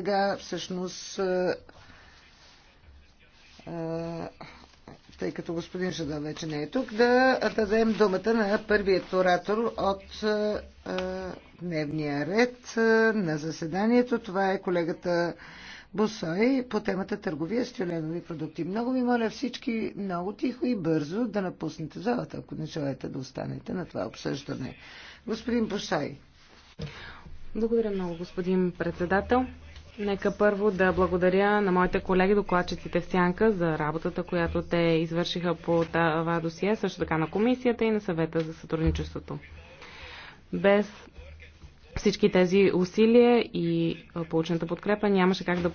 Сега всъщност, тъй като господин Жадан вече не е тук, да дадем думата на първият оратор от дневния ред на заседанието. Това е колегата Босой по темата търговия с тюленови продукти. Много ви моля всички много тихо и бързо да напуснете залата, ако не желаете да останете на това обсъждане. Господин Босой. Благодаря много, господин председател. Нека първо да благодаря на моите колеги докладчиците в Сянка за работата, която те извършиха по това досие, също така на комисията и на съвета за сътрудничеството. Без всички тези усилия и получената подкрепа нямаше как да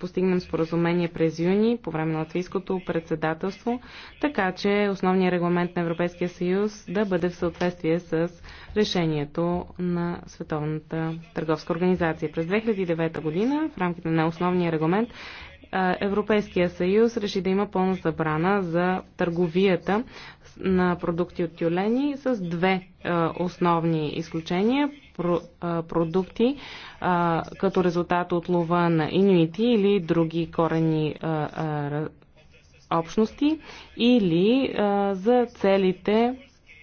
постигнем споразумение през юни по време на латвийското председателство, така че основният регламент на Европейския съюз да бъде в съответствие с решението на Световната търговска организация. През 2009 година в рамките на основния регламент Европейския съюз реши да има пълна забрана за търговията на продукти от тюлени с две основни изключения продукти като резултат от лова на инуити или други корени общности или за целите,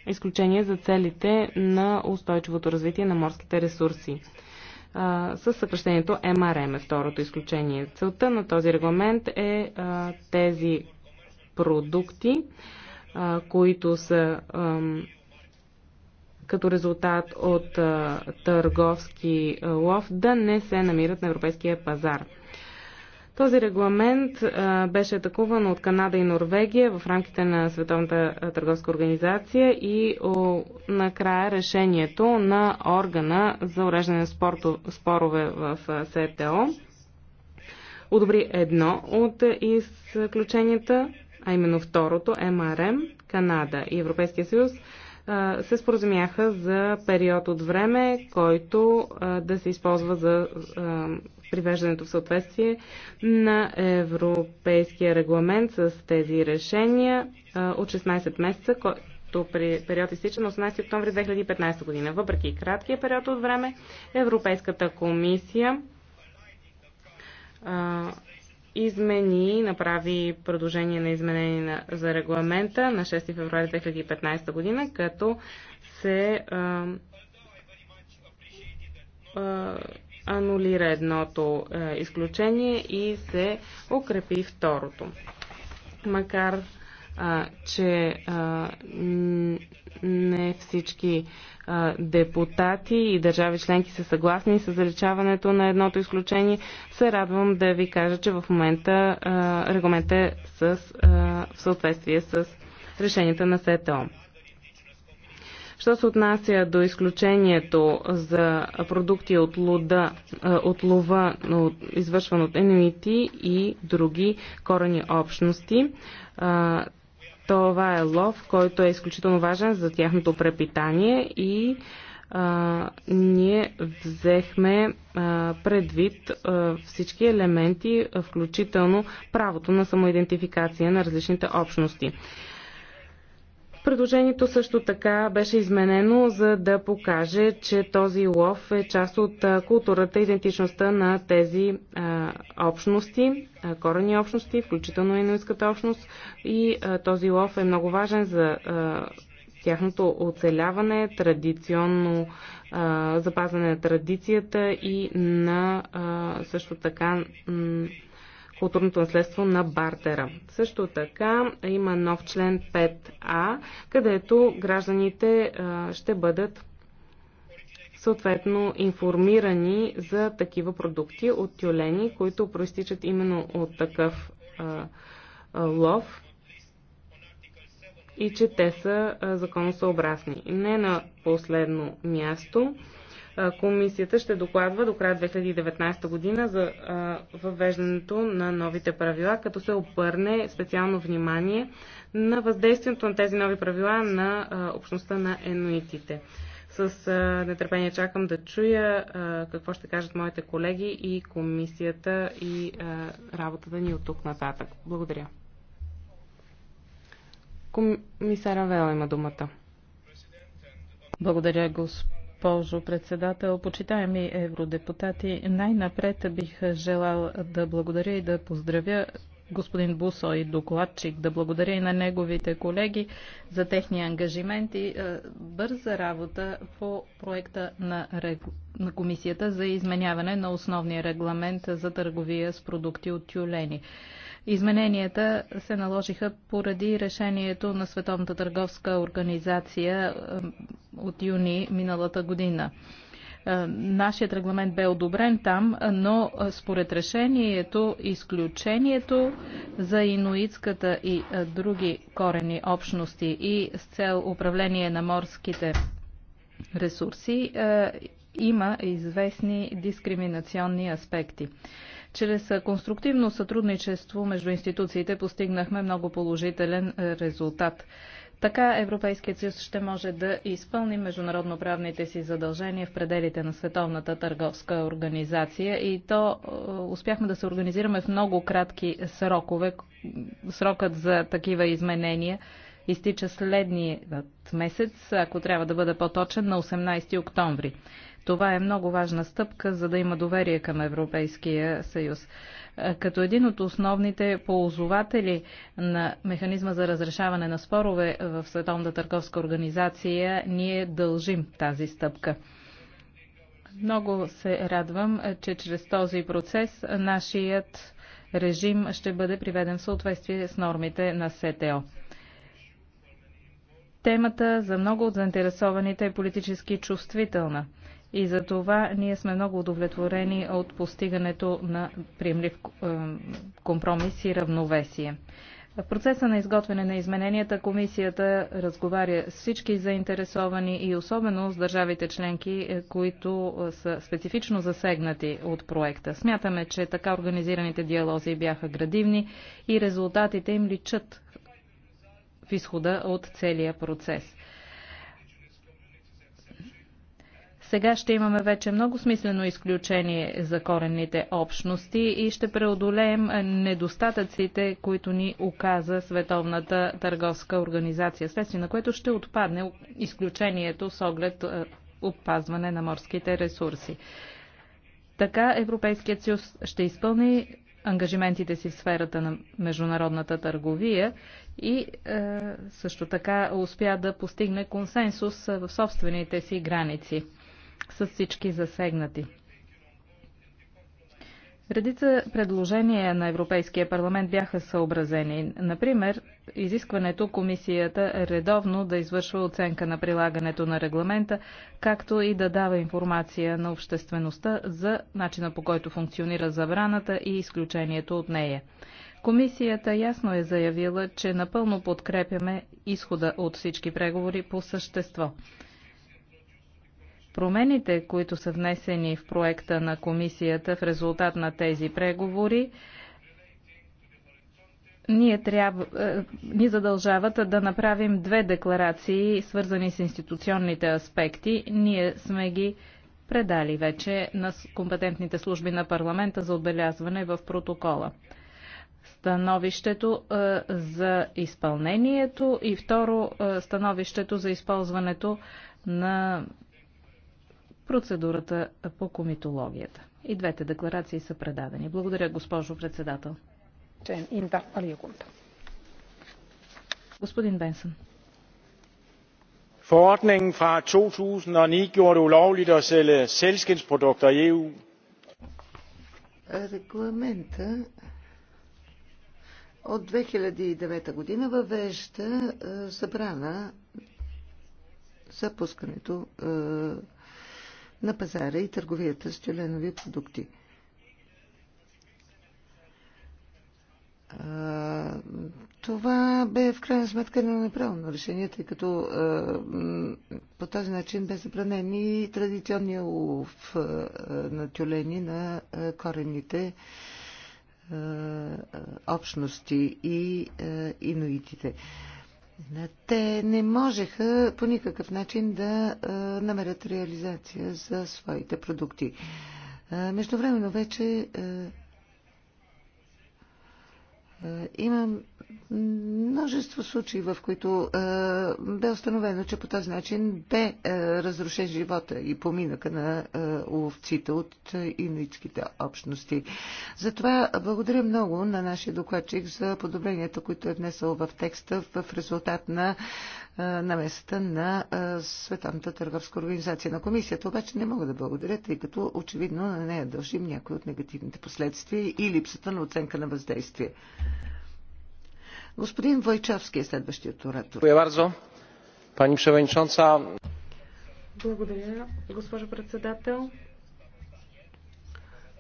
изключение за целите на устойчивото развитие на морските ресурси с съкръщението МРМ е второто изключение. Целта на този регламент е тези продукти, които са като резултат от а, търговски лов да не се намират на европейския пазар. Този регламент а, беше атакуван от Канада и Норвегия в рамките на Световната търговска организация и о, накрая решението на органа за уреждане на спорто, спорове в СТО одобри едно от изключенията, а именно второто МРМ, Канада и Европейския съюз се споразумяха за период от време, който да се използва за привеждането в съответствие на Европейския регламент с тези решения от 16 месеца, който период изтича на 18 октомври 2015 година. Въпреки краткия период от време, Европейската комисия измени, направи предложение на изменение на, за регламента на 6 февруари 2015 година, като се а, а, анулира едното а, изключение и се укрепи второто. Макар че не всички депутати и държави членки са съгласни с заличаването на едното изключение, се радвам да ви кажа, че в момента регламент е в съответствие с решенията на СТО. Що се отнася до изключението за продукти от, луда, от лова, извършван от енуити и други корени общности, това е лов, който е изключително важен за тяхното препитание и а, ние взехме а, предвид а, всички елементи, включително правото на самоидентификация на различните общности. Предложението също така беше изменено, за да покаже, че този лов е част от културата и идентичността на тези а, общности, а, корени общности, включително и инуитската общност. И а, този лов е много важен за а, тяхното оцеляване, традиционно а, запазване на традицията и на а, също така. М- културното наследство на бартера. Също така има нов член 5А, където гражданите ще бъдат съответно информирани за такива продукти от тюлени, които проистичат именно от такъв лов и че те са законосъобразни. Не на последно място Комисията ще докладва до края 2019 година за въвеждането на новите правила, като се обърне специално внимание на въздействието на тези нови правила на общността на енуитите. С нетърпение чакам да чуя какво ще кажат моите колеги и комисията и работата ни от тук нататък. Благодаря. Комисара Вела има думата. Благодаря, господин госпожо председател, почитаеми евродепутати, най-напред бих желал да благодаря и да поздравя господин Бусо и докладчик, да благодаря и на неговите колеги за техния ангажимент и е, бърза работа по проекта на, рег... на комисията за изменяване на основния регламент за търговия с продукти от тюлени. Измененията се наложиха поради решението на Световната търговска организация от юни миналата година. Е, нашият регламент бе одобрен там, но е, според решението изключението за инуитската и е, други корени общности и с цел управление на морските ресурси има известни дискриминационни аспекти. Чрез конструктивно сътрудничество между институциите постигнахме много положителен е, резултат. Така Европейският съюз ще може да изпълни международноправните си задължения в пределите на Световната търговска организация и то е, успяхме да се организираме в много кратки срокове. Срокът за такива изменения изтича следният месец, ако трябва да бъда по-точен, на 18 октомври. Това е много важна стъпка, за да има доверие към Европейския съюз. Като един от основните ползователи на механизма за разрешаване на спорове в Световната търговска организация, ние дължим тази стъпка. Много се радвам, че чрез този процес нашият режим ще бъде приведен в съответствие с нормите на СТО. Темата за много от заинтересованите е политически чувствителна и за това ние сме много удовлетворени от постигането на приемлив компромис и равновесие. В процеса на изготвяне на измененията комисията разговаря с всички заинтересовани и особено с държавите членки, е, които е, са специфично засегнати от проекта. Смятаме, че така организираните диалози бяха градивни и резултатите им личат в изхода от целия процес. Сега ще имаме вече много смислено изключение за коренните общности и ще преодолеем недостатъците, които ни оказа Световната търговска организация, следствие на което ще отпадне изключението с оглед е, опазване на морските ресурси. Така Европейският съюз ще изпълни ангажиментите си в сферата на международната търговия и е, също така успя да постигне консенсус е, в собствените си граници с всички засегнати. Редица предложения на Европейския парламент бяха съобразени. Например, изискването комисията редовно да извършва оценка на прилагането на регламента, както и да дава информация на обществеността за начина по който функционира забраната и изключението от нея. Комисията ясно е заявила, че напълно подкрепяме изхода от всички преговори по същество. Промените, които са внесени в проекта на комисията в резултат на тези преговори, ние трябва, е, ни задължават да направим две декларации, свързани с институционните аспекти. Ние сме ги предали вече на компетентните служби на парламента за отбелязване в протокола становището е, за изпълнението и второ е, становището за използването на процедурата по комитологията. И двете декларации са предадени. Благодаря, госпожо председател. Господин Бенсън. Forordningen fra 2009 gjorde det ulovligt at sælge selskindsprodukter i EU. Регламента от 2009 година въвежда забрана е, за пускането е, на пазара и търговията с тюленови продукти. Е, това бе в крайна сметка на неправилно решение, тъй като по този начин бе забранен и традиционния улов на тюлени на корените е, общности и е, инуитите. Те не можеха по никакъв начин да е, намерят реализация за своите продукти. Междувременно вече е, Имам множество случаи, в които е, бе установено, че по този начин бе е, разрушен живота и поминъка на е, ловците от е, инуитските общности. Затова благодаря много на нашия докладчик за подобренията, които е внесъл в текста в резултат на намесата на е, Световната търговска организация на комисията. Обаче не мога да благодаря, тъй като очевидно на нея дължим някои от негативните последствия и липсата на оценка на въздействие. Господин Войчовски е следващият оратор. Благодаря, госпожо председател.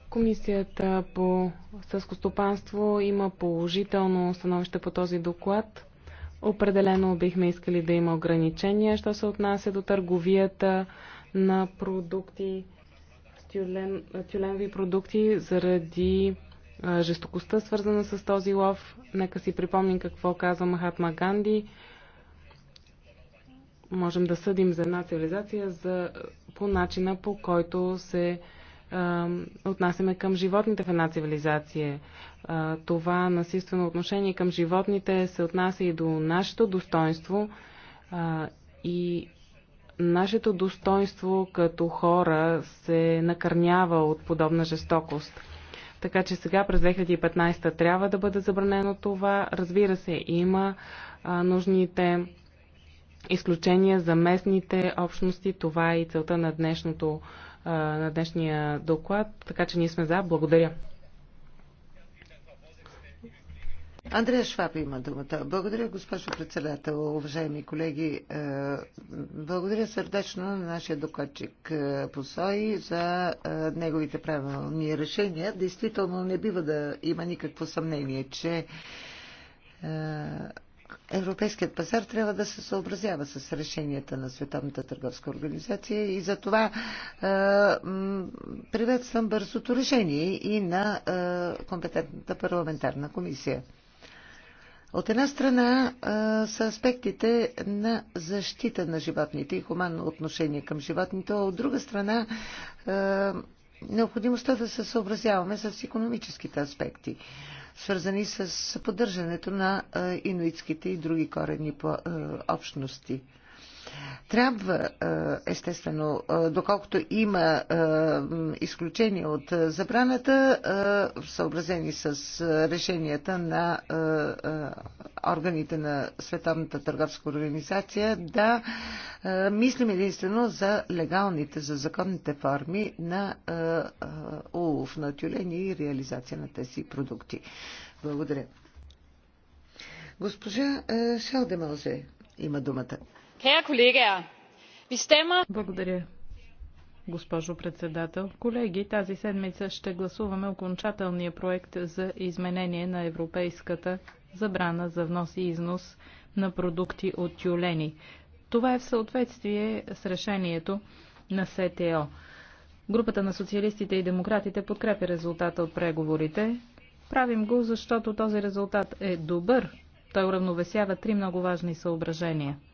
Комисията по съскостопанство има положително становище по този доклад. Определено бихме искали да има ограничения, що се отнася до търговията на продукти, тюлен, тюленви продукти, заради а, жестокостта, свързана с този лов. Нека си припомним какво казва Махатма Ганди. Можем да съдим за една цивилизация за, по начина по който се отнасяме към животните в една цивилизация. Това насилствено отношение към животните се отнася и до нашето достоинство и нашето достоинство като хора се накърнява от подобна жестокост. Така че сега през 2015 трябва да бъде забранено това. Разбира се, има нужните изключения за местните общности. Това е и целта на днешното на днешния доклад, така че ние сме за. Благодаря. Андрея Шваб има думата. Благодаря, госпожо председател, уважаеми колеги. Е, благодаря сърдечно на нашия докладчик е, Посой за е, неговите правилни решения. Действително не бива да има никакво съмнение, че Европейският пазар трябва да се съобразява с решенията на Световната търговска организация и за това е, приветствам бързото решение и на е, компетентната парламентарна комисия. От една страна е, са аспектите на защита на животните и хуманно отношение към животните, а от друга страна е, необходимостта да се съобразяваме с економическите аспекти. Е, свързани с поддържането на инуитските и други корени общности. Трябва, е, естествено, е, доколкото има е, изключение от забраната, съобразени с решенията на органите на Световната търговска организация, да мислим единствено за легалните, за законните форми на улов на тюлени и реализация на тези продукти. Благодаря. Госпожа Шалдемалзе има думата. Благодаря. Госпожо председател, колеги, тази седмица ще гласуваме окончателния проект за изменение на европейската забрана за внос и износ на продукти от тюлени. Това е в съответствие с решението на СТО. Групата на социалистите и демократите подкрепя резултата от преговорите. Правим го, защото този резултат е добър. Той уравновесява три много важни съображения –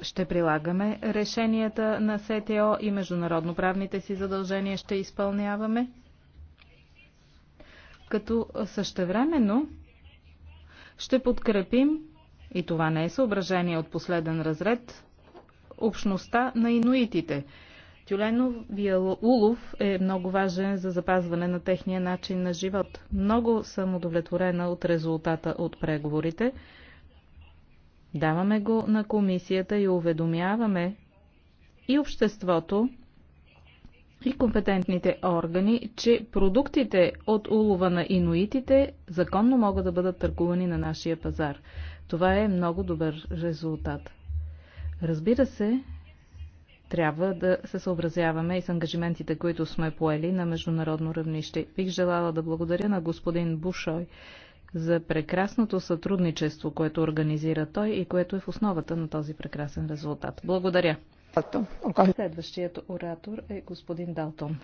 ще прилагаме решенията на СТО и международноправните си задължения ще изпълняваме, като същевременно ще подкрепим, и това не е съображение от последен разред, общността на инуитите. Тюленовия улов е много важен за запазване на техния начин на живот. Много съм удовлетворена от резултата от преговорите. Даваме го на комисията и уведомяваме и обществото, и компетентните органи, че продуктите от улова на инуитите законно могат да бъдат търгувани на нашия пазар. Това е много добър резултат. Разбира се, трябва да се съобразяваме и с ангажиментите, които сме поели на международно равнище. Бих желала да благодаря на господин Бушой за прекрасното сътрудничество, което организира той и което е в основата на този прекрасен резултат. Благодаря. Следващият оратор е господин Далтон.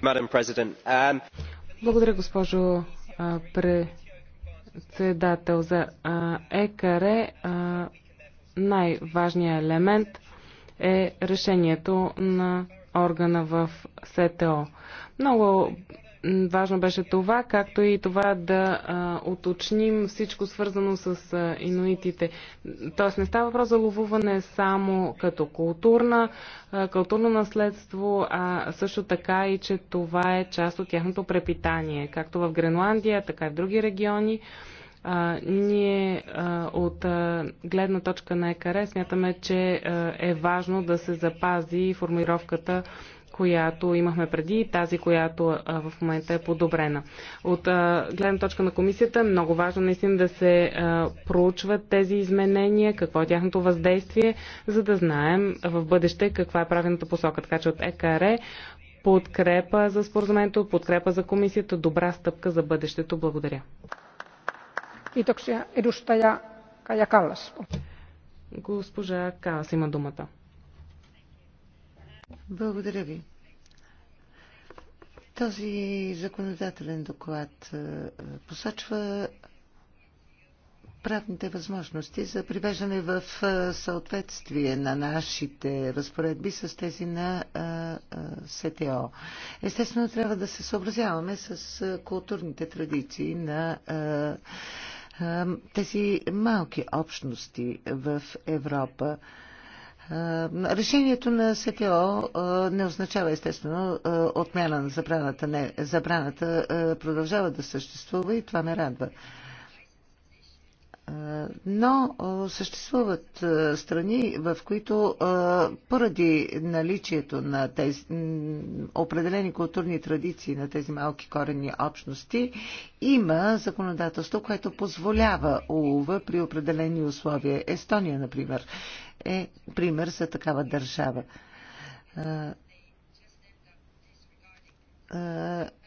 Благодаря, госпожо председател. За ЕКР най-важният елемент е решението на органа в СТО. Много важно беше това, както и това да а, уточним всичко свързано с а, инуитите. Тоест не става въпрос за ловуване само като културна, а, културно наследство, а също така и, че това е част от тяхното препитание, както в Гренландия, така и в други региони. А, ние а, от а, гледна точка на ЕКАРЕ смятаме, че а, е важно да се запази формулировката която имахме преди и тази, която в момента е подобрена. От гледна точка на комисията е много важно наистина да се проучват тези изменения, какво е тяхното въздействие, за да знаем в бъдеще каква е правилната посока. Така че от ЕКР подкрепа за споразумението, подкрепа за комисията, добра стъпка за бъдещето. Благодаря. Kiitoksia. Edustaja Kaja Госпожа Калас има думата. Благодаря ви. Този законодателен доклад е, посочва правните възможности за привеждане в е, съответствие на нашите разпоредби с тези на е, СТО. Естествено, трябва да се съобразяваме с културните традиции на тези малки общности в Европа. Решението на СТО не означава естествено отмяна на забраната. Не, забраната продължава да съществува и това ме радва. Но съществуват страни, в които поради наличието на тези определени културни традиции на тези малки корени общности има законодателство, което позволява улова при определени условия. Естония, например, е пример за такава държава.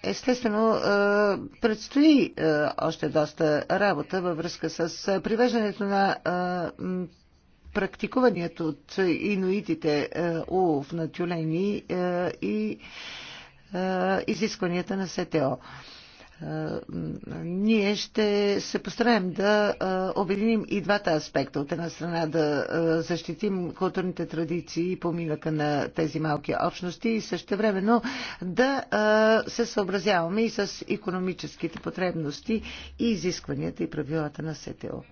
Естествено, предстои още доста работа във връзка с привеждането на практикуваният от инуитите улов на тюлени и изискванията на СТО. Е, ние ще се постараем да е, обединим и двата аспекта. От една страна да е, защитим културните традиции и поминъка на тези малки общности и също времено да се съобразяваме и с економическите потребности и изискванията и правилата на СТО.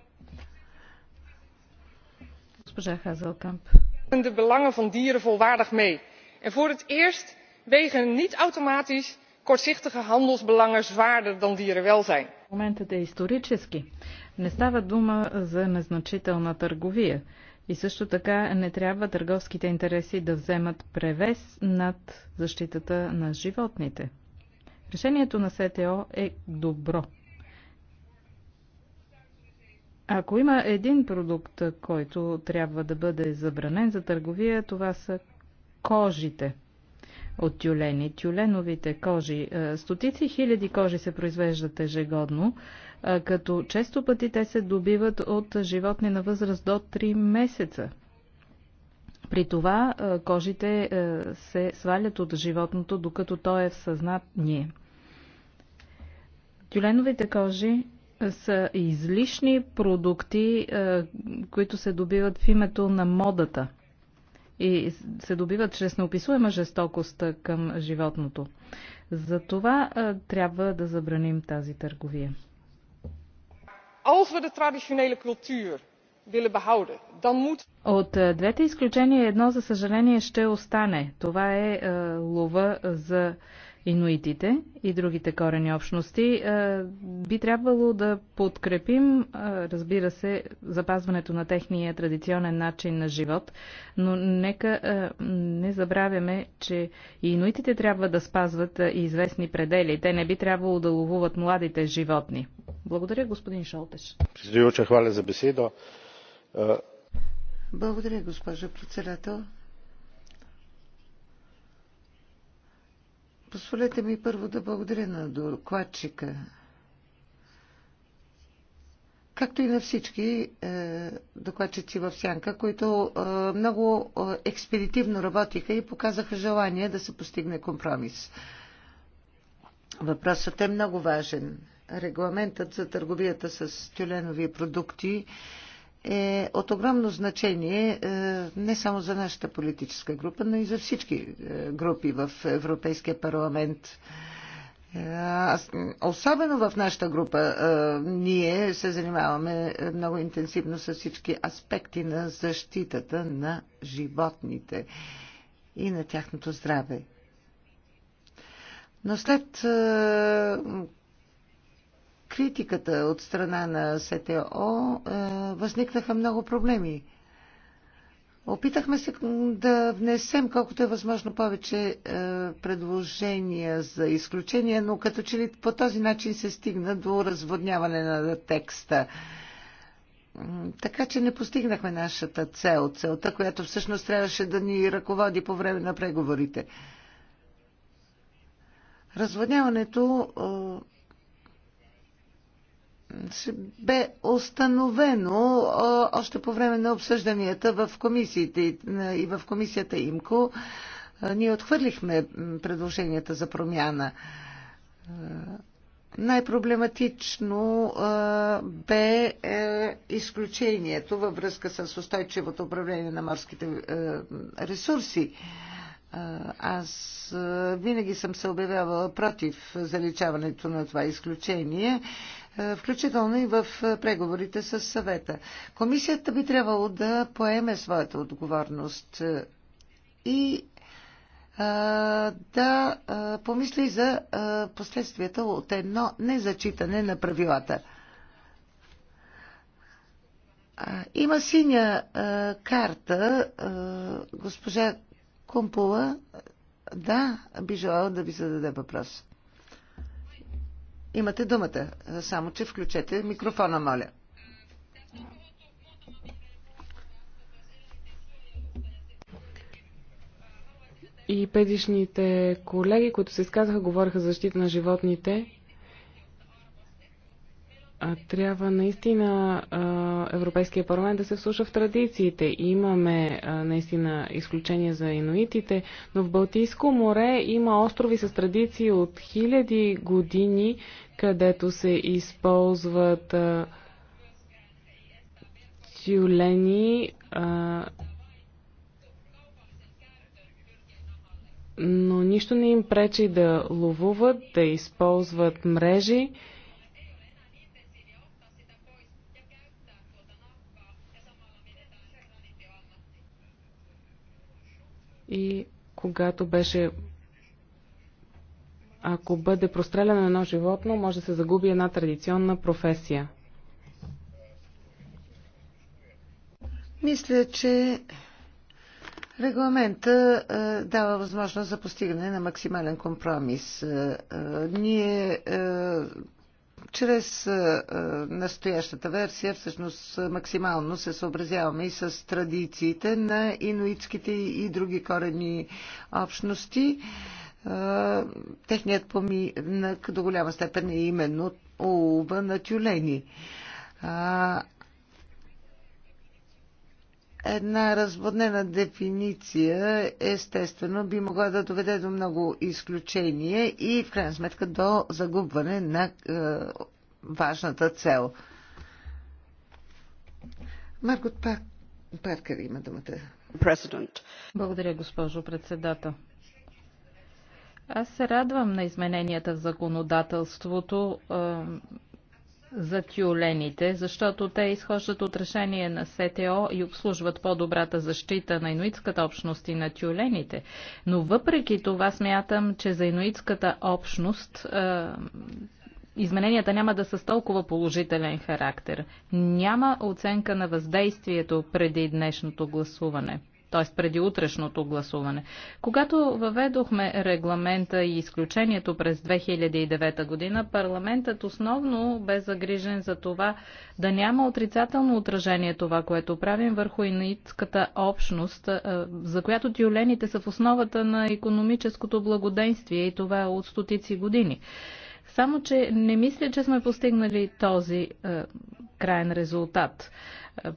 Госпожа Хазелкамп. De belangen van dieren volwaardig mee. En voor het eerst wegen niet automatisch kortzichtige handelsbelangen zwaarder dan dierenwelzijn. Моментът е исторически. Не става дума за незначителна търговия. И също така не трябва търговските интереси да вземат превес над защитата на животните. Решението на СТО е добро. Ако има един продукт, който трябва да бъде забранен за търговия, това са кожите – от тюлени. Тюленовите кожи, е, стотици хиляди кожи се произвеждат ежегодно, е, като често пъти те се добиват от животни на възраст до 3 месеца. При това е, кожите се свалят от животното, докато то е в съзнание. Тюленовите кожи са излишни продукти, които се добиват в името на модата – и се добиват чрез неописуема жестокост към животното. За това трябва да забраним тази търговия. От двете изключения едно, за съжаление, ще остане. Това е лова за инуитите и другите корени общности, е, би трябвало да подкрепим, е, разбира се, запазването на техния традиционен начин на живот, но нека е, не забравяме, че инуитите трябва да спазват и известни предели. Те не би трябвало да ловуват младите животни. Благодаря, господин Шолтеш. Благодаря, госпожо председател. Позволете ми първо да благодаря на докладчика, както и на всички е, докладчици в Сянка, които е, много е, експедитивно работиха и показаха желание да се постигне компромис. Въпросът е много важен. Регламентът за търговията с тюленови продукти е е от огромно значение е, не само за нашата политическа група, но и за всички е, групи в Европейския парламент. Е, особено в нашата група ние се занимаваме много интенсивно с всички аспекти на защитата на животните и на тяхното здраве. Но след критиката от страна на СТО е, възникнаха много проблеми. Опитахме се да внесем колкото е възможно повече е, предложения за изключения, но като че ли по този начин се стигна до разводняване на текста. Така че не постигнахме нашата цел, целта, която всъщност трябваше да ни ръководи по време на преговорите. Разводняването е, бе установено още по време на обсъжданията в комисиите и в комисията ИМКО. Ние отхвърлихме предложенията за промяна. Най-проблематично бе е, изключението във връзка с устойчивото управление на морските ресурси. Аз винаги съм се обявявала против заличаването на това изключение. Е, включително и в е, преговорите с съвета. Комисията би трябвало да поеме своята отговорност е, и да помисли за последствията от едно незачитане на правилата. Има синя карта. Госпожа Кумпула, да, би желала да ви зададе въпрос. Имате думата, само че включете микрофона, моля. И предишните колеги, които се изказаха, говориха за защита на животните. А, трябва наистина а, Европейския парламент да се вслуша в традициите. Имаме наистина изключение за инуитите, но в Балтийско море има острови с традиции от хиляди години, където се използват тюлени, но нищо не им пречи да ловуват, да използват мрежи. и когато беше ако бъде простреляно едно животно, може да се загуби една традиционна професия. Мисля, че регламента е, дава възможност за постигане на максимален компромис. Е, е, ние е, чрез е, е, настоящата версия всъщност максимално се съобразяваме и с традициите на инуитските и други корени общности. Е, техният поминък до голяма степен е именно улова на тюлени. Една разводнена дефиниция естествено би могла да доведе до много изключения и в крайна сметка до загубване на е, важната цел. Маргот Пак, Паркър има думата. President. Благодаря, госпожо председател. Аз се радвам на измененията в законодателството за тюлените, защото те изхождат от решение на СТО и обслужват по-добрата защита на инуитската общност и на тюлените. Но въпреки това смятам, че за инуитската общност е, измененията няма да са с толкова положителен характер. Няма оценка на въздействието преди днешното гласуване т.е. преди утрешното гласуване. Когато въведохме регламента и изключението през 2009 година, парламентът основно бе загрижен за това да няма отрицателно отражение това, което правим върху инуитската общност, за която тюлените са в основата на економическото благоденствие и това е от стотици години. Само, че не мисля, че сме постигнали този е, крайен резултат.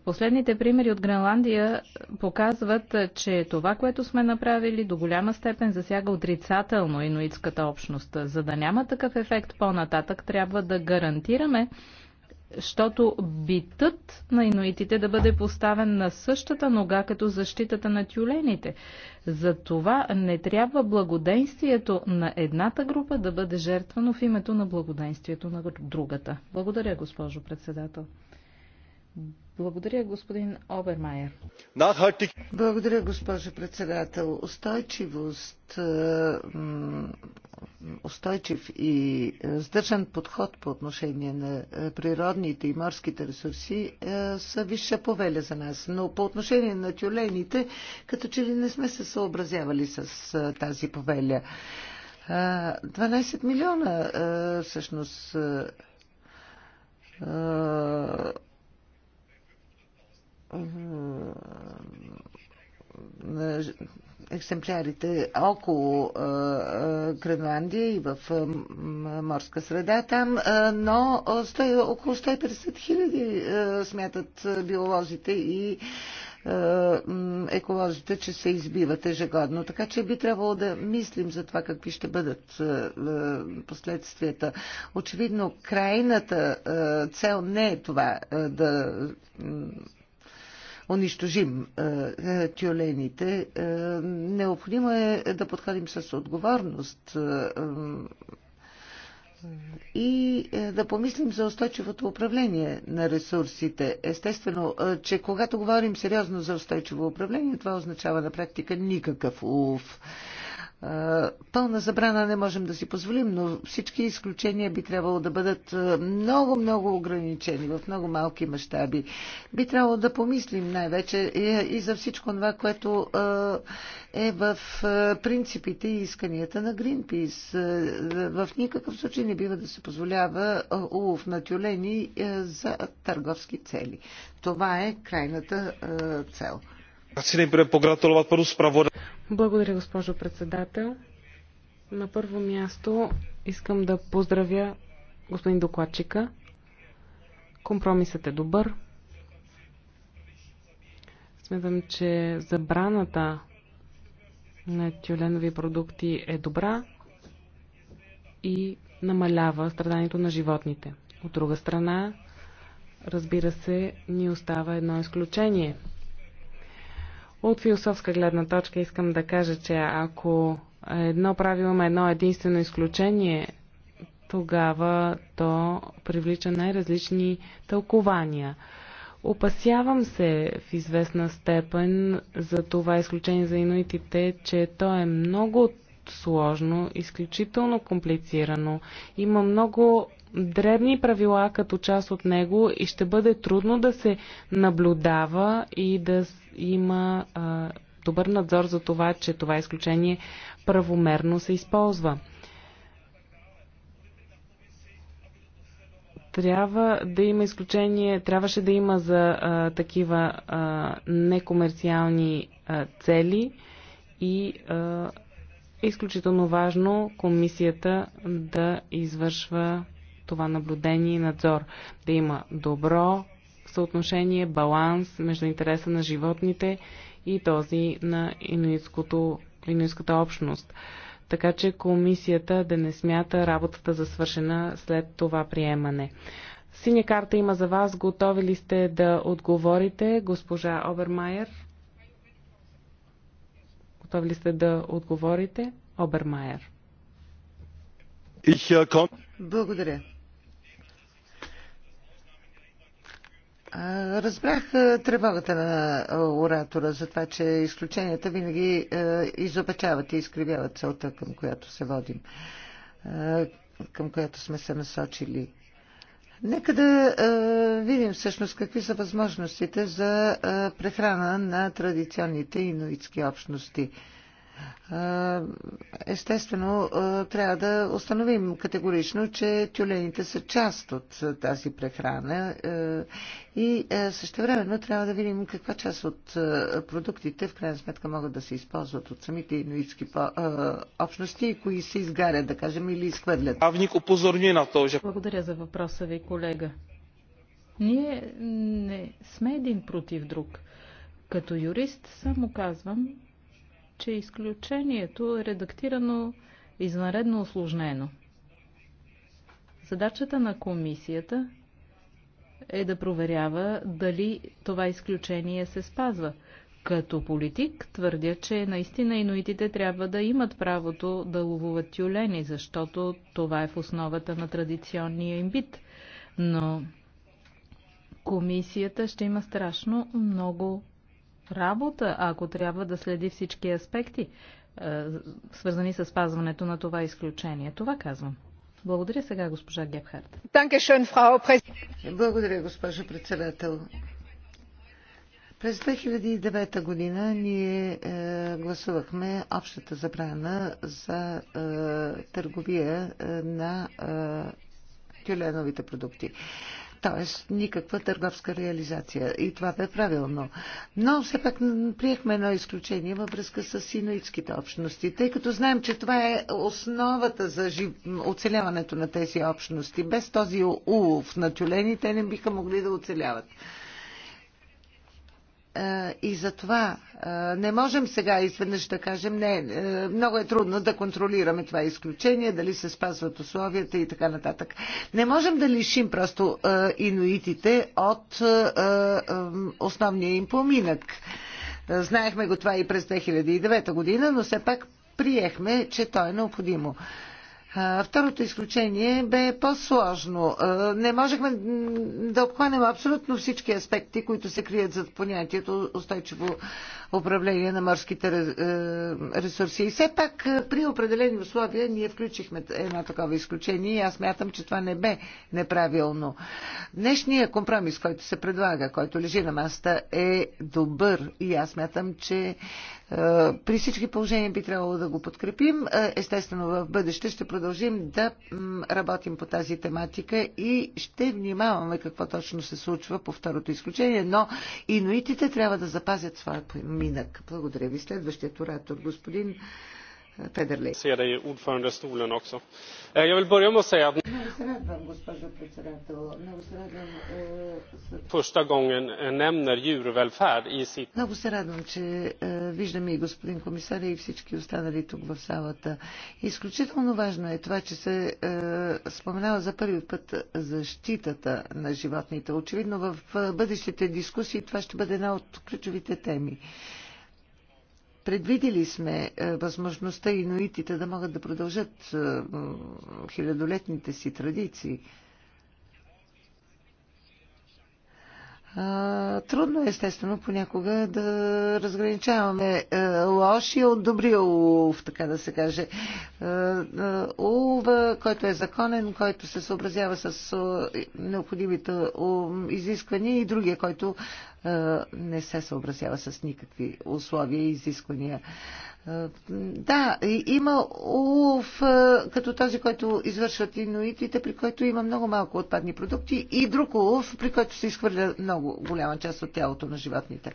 Последните примери от Гренландия показват, че това, което сме направили, до голяма степен засяга отрицателно инуитската общност. За да няма такъв ефект по-нататък, трябва да гарантираме, защото битът на инуитите да бъде поставен на същата нога като защитата на тюлените. За това не трябва благоденствието на едната група да бъде жертвано в името на благоденствието на другата. Благодаря, госпожо председател. Благодаря, господин Обермайер. Благодаря, госпожо председател. Устойчивост, е, устойчив и е, сдържан подход по отношение на е, природните и морските ресурси са висша повеля за нас. Но по отношение на тюлените, като че ли не сме се съобразявали с тази повеля. 12 милиона всъщност екземплярите около Гренландия и в морска среда там, но около 150 хиляди смятат биолозите и еколозите, че се избиват ежегодно. Така че би трябвало да мислим за това какви ще бъдат последствията. Очевидно, крайната цел не е това да унищожим е, е, тюлените. Е, необходимо е да подходим с отговорност и да помислим за устойчивото управление на ресурсите. Естествено, че когато говорим сериозно за устойчиво управление, това означава на практика никакъв улов пълна забрана не можем да си позволим, но всички изключения би трябвало да бъдат много-много ограничени, в много малки мащаби. Би трябвало да помислим най-вече и за всичко това, което е в принципите и исканията на Гринпис. В никакъв случай не бива да се позволява улов на тюлени за търговски цели. Това е крайната цел. Chci nejprve pogratulovat panu zpravodaji. Благодаря, госпожо председател. На първо място искам да поздравя господин докладчика. Компромисът е добър. Смятам, че забраната на тюленови продукти е добра и намалява страданието на животните. От друга страна, разбира се, ни остава едно изключение – от философска гледна точка искам да кажа, че ако едно правило има едно единствено изключение, тогава то привлича най-различни тълкования. Опасявам се в известна степен за това изключение за инуитите, че то е много сложно, изключително комплицирано. Има много дребни правила като част от него и ще бъде трудно да се наблюдава и да има а, добър надзор за това, че това изключение правомерно се използва. трябва да има изключение, трябваше да има за а, такива а, некомерциални а, цели и а, е изключително важно комисията да извършва това наблюдение и надзор. Да има добро съотношение, баланс между интереса на животните и този на инуитската общност. Така че комисията да не смята работата за свършена след това приемане. Синя карта има за вас. Готови ли сте да отговорите, госпожа Обермайер? Готови ли сте да отговорите, Обермайер? Äh, Благодаря. Разбрах тревогата на оратора за това, че изключенията винаги изобачават и изкривяват целта, към която се водим, към която сме се насочили. Нека да видим всъщност какви са възможностите за прехрана на традиционните инуитски общности. Е, естествено, е, трябва да установим категорично, че тюлените са част от е, тази прехрана и времено трябва да видим каква част от продуктите в крайна сметка могат да се използват от самите инуитски общности и кои се изгарят, да кажем, или изхвърлят. Благодаря за въпроса ви, колега. Ние не сме един против друг. Като юрист само казвам, че изключението е редактирано извънредно осложнено. Задачата на комисията е да проверява дали това изключение се спазва. Като политик твърдя, че наистина инуитите трябва да имат правото да ловуват тюлени, защото това е в основата на традиционния им бит. Но комисията ще има страшно много работа, ако трябва да следи всички аспекти, е, свързани с спазването на това изключение. Това казвам. Благодаря сега, госпожа Гебхарт. Благодаря, госпожа председател. През 2009 година ние е, гласувахме общата забрана за е, търговия на тюленовите продукти т.е. никаква търговска реализация. И това бе правилно. Но все пак приехме едно изключение във връзка с синоидските общности, тъй като знаем, че това е основата за жив... оцеляването на тези общности. Без този улов на тюлени те не биха могли да оцеляват. И затова не можем сега изведнъж да кажем, не, е, много е трудно да контролираме това изключение, дали се спазват условията и така нататък. Не можем да лишим просто инуитите от основния им поминък. Знаехме го това и през 2009 година, но все пак приехме, че то е необходимо. Второто изключение бе по-сложно. Не можехме да обхванем абсолютно всички аспекти, които се крият зад понятието устойчиво управление на морските ресурси. И все пак при определени условия ние включихме едно такова изключение и аз мятам, че това не бе неправилно. Днешният компромис, който се предлага, който лежи на масата, е добър и аз мятам, че е, при всички положения би трябвало да го подкрепим. Е, естествено, в бъдеще ще продължим да работим по тази тематика и ще внимаваме какво точно се случва по второто изключение, но инуитите трябва да запазят своя минък. Благодаря ви. Следващият оратор, господин много се радвам. Много се радвам, че eh, виждаме и господин комисар и всички останали тук в салата. Изключително важно е това, че се eh, споменава за първи път защитата на животните. Очевидно в eh, бъдещите дискусии това ще бъде една от ключовите теми. Предвидили сме е, възможността инуитите да могат да продължат е, хилядолетните си традиции. Трудно е, естествено, понякога да разграничаваме е, лошия от добрия улов, така да се каже. Е, е, улова, който е законен, който се съобразява с необходимите изисквания и другия, който не се съобразява с никакви условия и изисквания. Е, да, има улов е, като този, който извършват инуитите, при който има много малко отпадни продукти и друг улов, при който се изхвърля много голяма част от тялото на животните.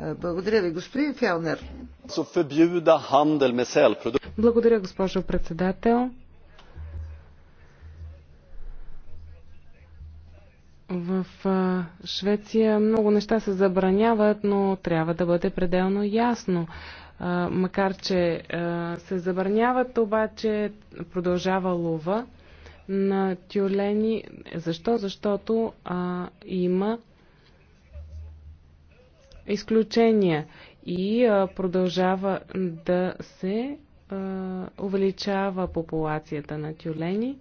Е, благодаря ви, господин Фелнер. Благодаря, госпожо председател. В Швеция много неща се забраняват, но трябва да бъде пределно ясно макар, че се забраняват, обаче продължава лова на тюлени. Защо? Защото а, има изключения и а, продължава да се а, увеличава популацията на тюлени.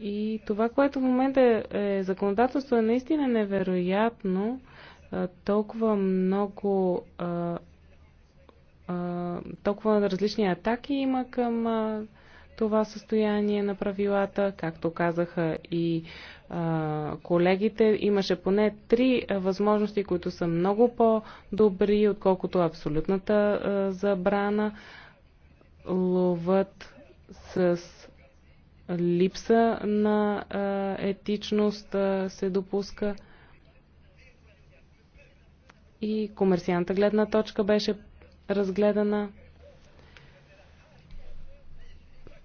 И това, което в момента е, е законодателство, е наистина невероятно. А, толкова много а, толкова различни атаки има към а, това състояние на правилата. Както казаха и а, колегите, имаше поне три възможности, които са много по-добри, отколкото абсолютната а, забрана. Ловът с липса на а, етичност а, се допуска. И комерцианта гледна точка беше разгледана.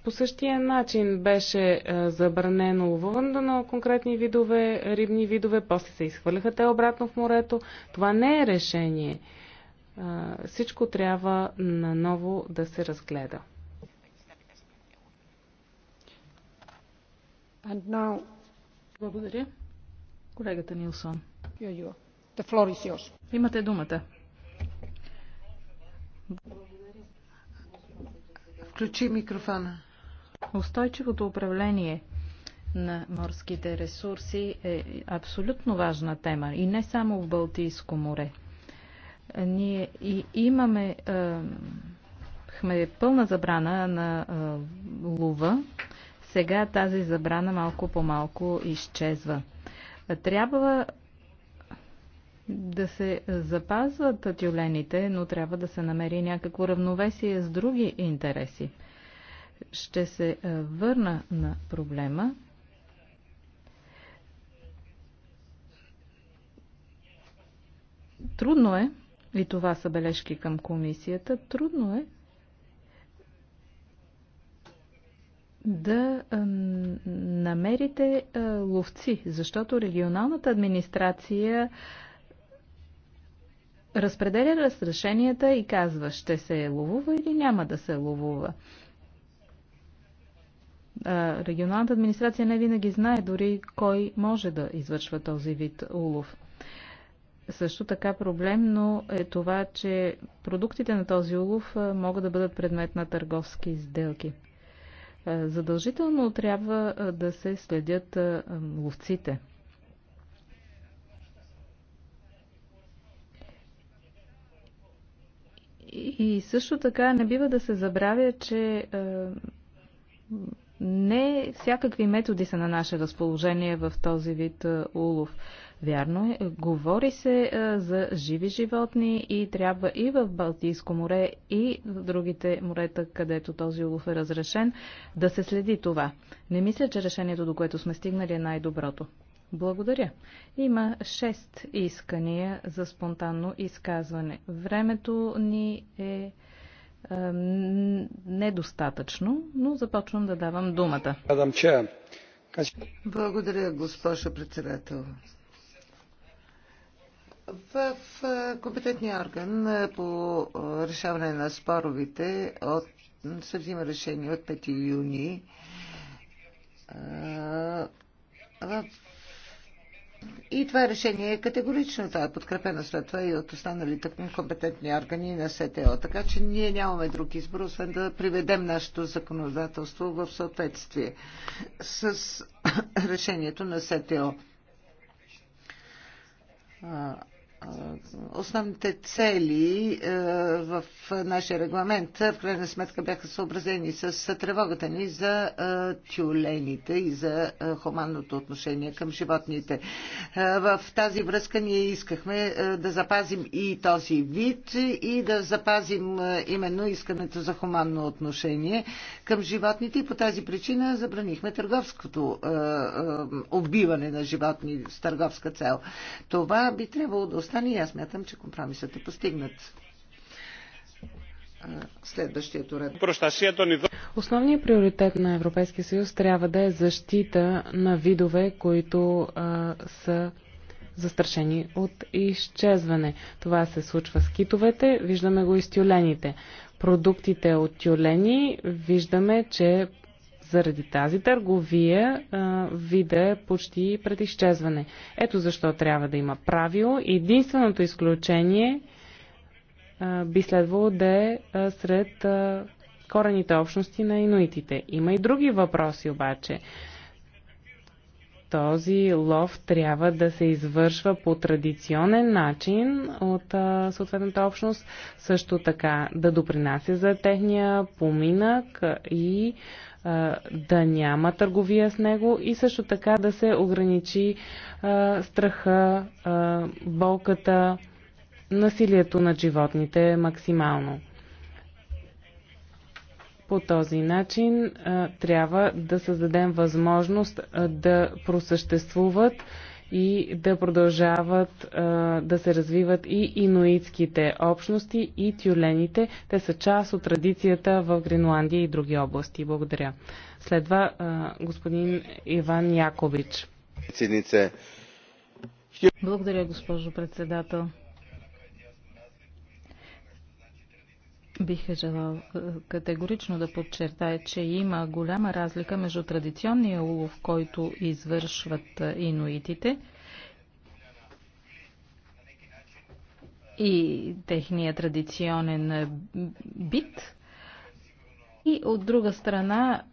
По същия начин беше е, забранено ловуването на конкретни видове, рибни видове, после се изхвърляха те обратно в морето. Това не е решение. Е, всичко трябва наново да се разгледа. And now... Благодаря. Колегата Нилсон. Имате думата. Включи микрофона. Устойчивото управление на морските ресурси е абсолютно важна тема и не само в Балтийско море. Ние и имаме е, хме пълна забрана на е, лува. Сега тази забрана малко по малко изчезва. Трябва да се запазват тюлените, но трябва да се намери някакво равновесие с други интереси. Ще се е, върна на проблема. Трудно е, и това са бележки към комисията, трудно е да е, намерите е, ловци, защото регионалната администрация разпределя разрешенията и казва, ще се ловува или няма да се ловува. Регионалната администрация не винаги знае дори кой може да извършва този вид улов. Също така проблемно е това, че продуктите на този улов могат да бъдат предмет на търговски сделки. Задължително трябва да се следят ловците. И също така не бива да се забравя, че е, не всякакви методи са на наше разположение в този вид е, улов. Вярно е, говори се е, за живи животни и трябва и в Балтийско море, и в другите морета, където този улов е разрешен, да се следи това. Не мисля, че решението, до което сме стигнали, е най-доброто. Благодаря. Има шест искания за спонтанно изказване. Времето ни е, е недостатъчно, но започвам да давам думата. Благодаря, госпожо председател. В е, компетентния орган е, по решаване на споровите от, се взима решение от 5 юни. Е, в и това решение е категорично. Това е подкрепено след това и от останалите компетентни органи на СТО. Така че ние нямаме друг избор, освен да приведем нашето законодателство в съответствие с решението на СТО основните цели е, в нашия регламент в крайна сметка бяха съобразени с тревогата ни за е, тюлените и за е, хуманното отношение към животните. В тази връзка ние искахме да запазим и този вид и да запазим именно искането за хуманно отношение към животните и по тази причина забранихме търговското убиване на животни с търговска цел. Това би трябвало да остане стане и аз мятам, че компромисът е постигнат. Следващият уред. Основният приоритет на Европейския съюз трябва да е защита на видове, които а, са застрашени от изчезване. Това се случва с китовете, виждаме го и с тюлените. Продуктите от тюлени виждаме, че заради тази търговия вида е почти пред изчезване. Ето защо трябва да има правило. Единственото изключение би следвало да е сред корените общности на инуитите. Има и други въпроси обаче този лов трябва да се извършва по традиционен начин от а, съответната общност, също така да допринася за техния поминък и а, да няма търговия с него и също така да се ограничи а, страха, болката, насилието над животните максимално. По този начин трябва да създадем възможност да просъществуват и да продължават да се развиват и инуитските общности и тюлените. Те са част от традицията в Гренландия и други области. Благодаря. Следва господин Иван Якович. Благодаря, госпожо председател. Бих е желал е, категорично да подчертая, че има голяма разлика между традиционния улов, който извършват е, инуитите и техния традиционен е, бит и от друга страна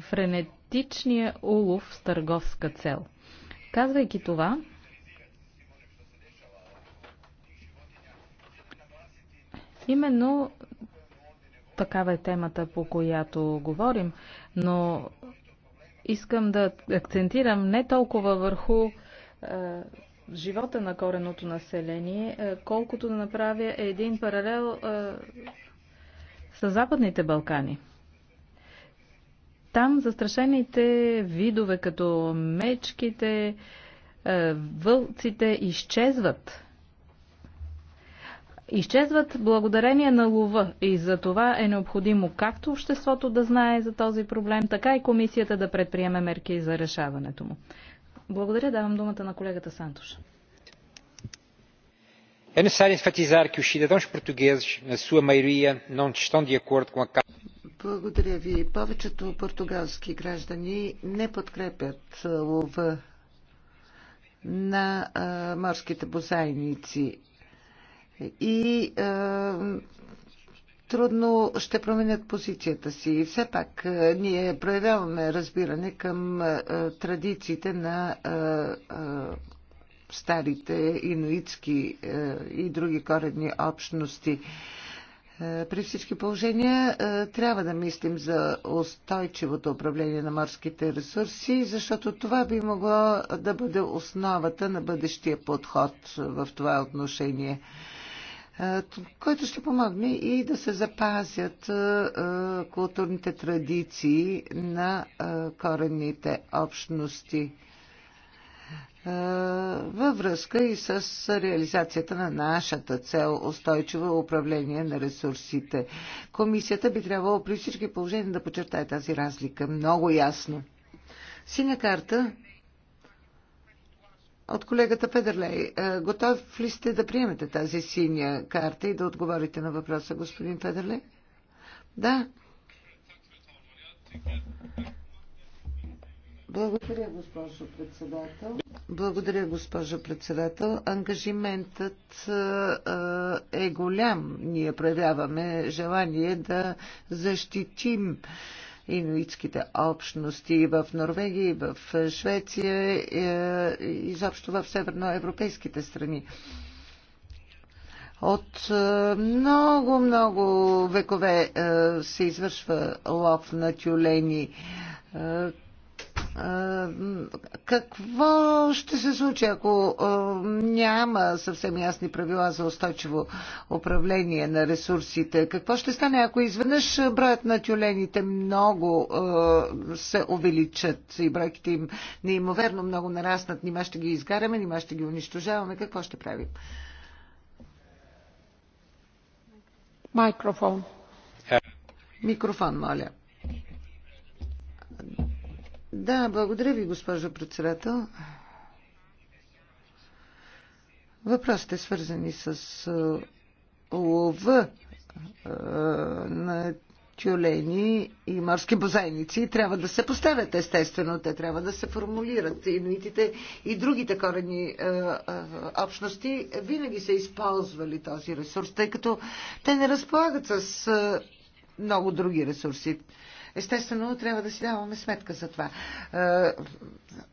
френетичния улов с търговска цел. Казвайки това, Именно такава е темата, по която говорим, но искам да акцентирам не толкова върху е, живота на кореното население, е, колкото да направя един паралел е, с Западните Балкани. Там застрашените видове, като мечките, вълците, изчезват изчезват благодарение на лова и за това е необходимо както обществото да знае за този проблем, така и комисията да предприеме мерки за решаването му. Благодаря, давам думата на колегата Сантош. É necessário enfatizar que os cidadãos portugueses, na sua maioria, não estão de acordo com a Благодаря ви. Повечето португалски граждани не подкрепят лова на морските бозайници и е, трудно ще променят позицията си. Все пак е, ние проявяваме разбиране към е, традициите на е, е, старите инуитски е, и други коренни общности. Е, при всички положения е, трябва да мислим за устойчивото управление на морските ресурси, защото това би могло да бъде основата на бъдещия подход в това отношение. Е, който ще помогне и да се запазят е, е, културните традиции на коренните общности във връзка и с реализацията на нашата цел устойчиво управление на ресурсите. Комисията би трябвало при всички положения да подчертае тази разлика много ясно. Синя карта от колегата Федерлей. Е, готов ли сте да приемете тази синя карта и да отговорите на въпроса, господин Федерлей? Да. Благодаря, госпожо председател. Благодаря, госпожо председател. Ангажиментът е, е голям. Ние проявяваме желание да защитим инуитските общности в Норвегия, в Швеция, и е, изобщо в северноевропейските страни. От е, много, много векове е, се извършва лов на тюлени. Какво ще се случи, ако няма съвсем ясни правила за устойчиво управление на ресурсите? Какво ще стане, ако изведнъж броят на тюлените много се увеличат и бройките им неимоверно много нараснат? Нима ще ги изгаряме, нима ще ги унищожаваме? Какво ще правим? Микрофон. Микрофон, моля. Да, благодаря ви, госпожо председател. Въпросите свързани с лова на тюлени и морски бозайници трябва да се поставят естествено, те трябва да се формулират. Инуитите и другите корени общности винаги са използвали този ресурс, тъй като те не разполагат с много други ресурси. Естествено, трябва да си даваме сметка за това. Е,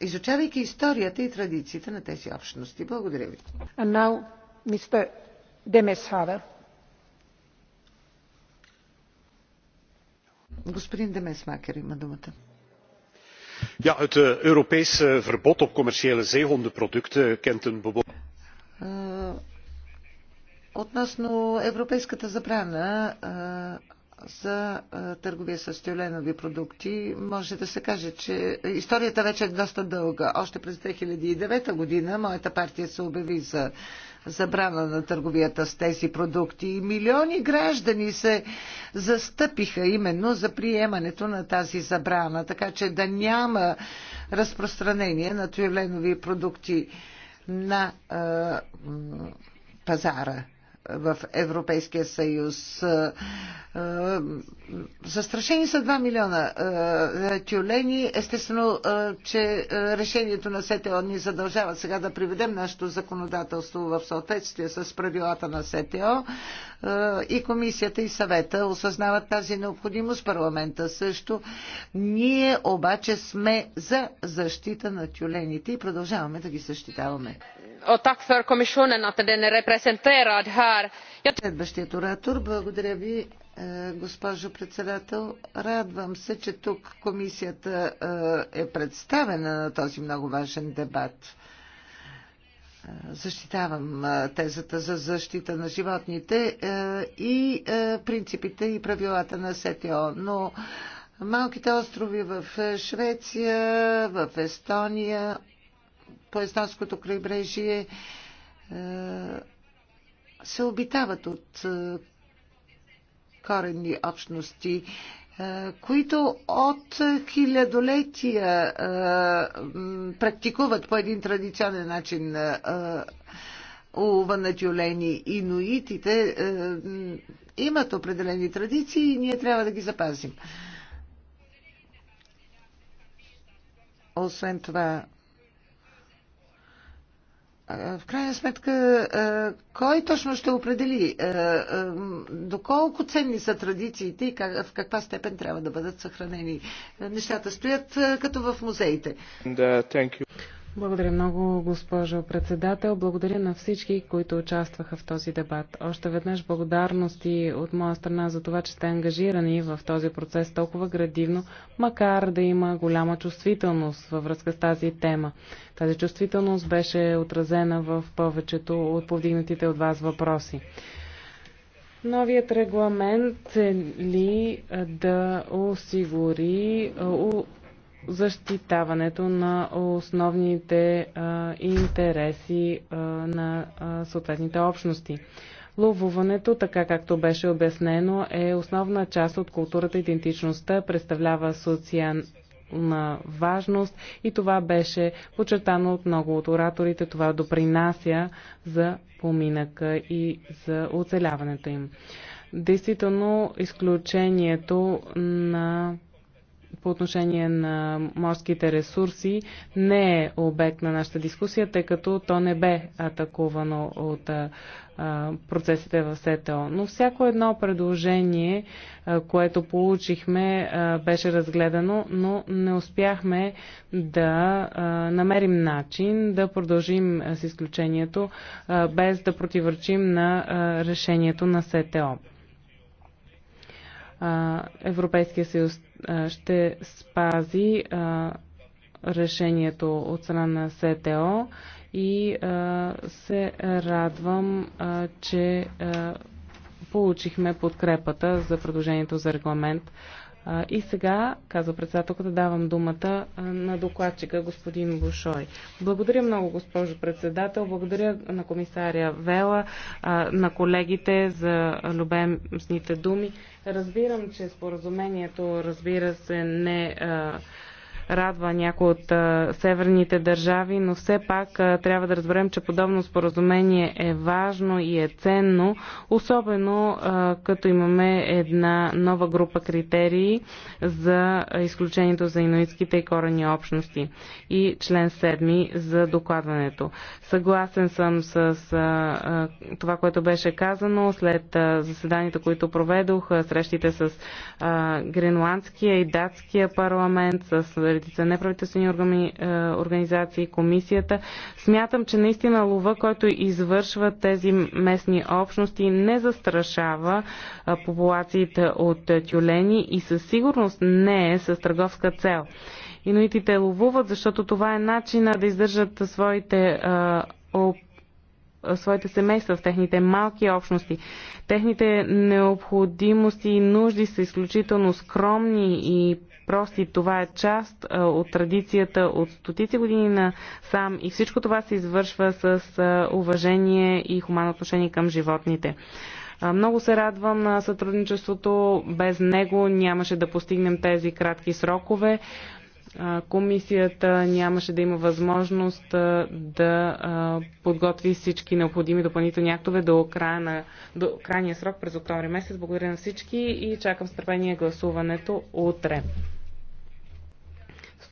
изучавайки историята и традициите на тези общности. Благодаря ви. And now, Mr. Demeshaver. Господин Демесмакер има думата Ja, het eh, Europese eh, verbod op commerciële zeehondenproducten kent een Uh, Относно европейската забрана е, за търговия с тюленови продукти, може да се каже, че историята вече е доста дълга. Още през 2009 година моята партия се обяви за забрана на търговията с тези продукти и милиони граждани се застъпиха именно за приемането на тази забрана, така че да няма разпространение на тюленови продукти на е, пазара в Европейския съюз. Е, е, застрашени са 2 милиона е, тюлени. Естествено, че решението на СТО ни задължава сега да приведем нашето законодателство в съответствие с правилата на СТО. Е, и комисията и съвета осъзнават тази необходимост, парламента също. Ние обаче сме за защита на тюлените и продължаваме да ги защитаваме. Следващият оратор, благодаря ви, е, госпожо председател. Радвам се, че тук комисията е, е представена на този много важен дебат защитавам тезата за защита на животните и принципите и правилата на СТО, но малките острови в Швеция, в Естония, по естонското крайбрежие се обитават от коренни общности които от хилядолетия практикуват по един традиционен начин улова на тюлени. Инуитите имат определени традиции и ние трябва да ги запазим. Освен това, в крайна сметка, е, кой точно ще определи е, е, доколко ценни са традициите и в каква степен трябва да бъдат съхранени? Нещата стоят като в музеите. Благодаря много, госпожо председател. Благодаря на всички, които участваха в този дебат. Още веднъж благодарности от моя страна за това, че сте ангажирани в този процес толкова градивно, макар да има голяма чувствителност във връзка с тази тема. Тази чувствителност беше отразена в повечето от повдигнатите от вас въпроси. Новият регламент цели да осигури защитаването на основните а, интереси а, на а, съответните общности. Ловуването, така както беше обяснено, е основна част от културата идентичността, представлява социална важност и това беше подчертано от много от ораторите. Това допринася за поминъка и за оцеляването им. Действително, изключението на по отношение на морските ресурси не е обект на нашата дискусия, тъй като то не бе атакувано от процесите в СТО. Но всяко едно предложение, което получихме, беше разгледано, но не успяхме да намерим начин да продължим с изключението, без да противоречим на решението на СТО. Европейския съюз ще спази решението от страна на СТО и се радвам, че получихме подкрепата за предложението за регламент и сега, казва председателката, давам думата на докладчика господин Бушой. Благодаря много, госпожо председател. Благодаря на комисаря Вела, на колегите за любезните думи. Разбирам, че споразумението, разбира се, не. е радва някои от северните държави, но все пак трябва да разберем, че подобно споразумение е важно и е ценно, особено като имаме една нова група критерии за изключението за иноитските и корени общности и член 7 за докладването. Съгласен съм с това, което беше казано след заседанията, които проведох, срещите с гренландския и датския парламент, с редица неправителствени органи, е, организации, комисията. Смятам, че наистина лова, който извършва тези местни общности, не застрашава е, популациите от тюлени и със сигурност не е с търговска цел. Инуитите ловуват, защото това е начина да издържат своите е, своите семейства, в техните малки общности. Техните необходимости и нужди са изключително скромни и прости. Това е част от традицията от стотици години на сам и всичко това се извършва с уважение и хуманно отношение към животните. Много се радвам на сътрудничеството. Без него нямаше да постигнем тези кратки срокове. Комисията нямаше да има възможност да подготви всички необходими допълнителни актове до, края на, до крайния срок през октомври месец. Благодаря на всички и чакам с търпение гласуването утре.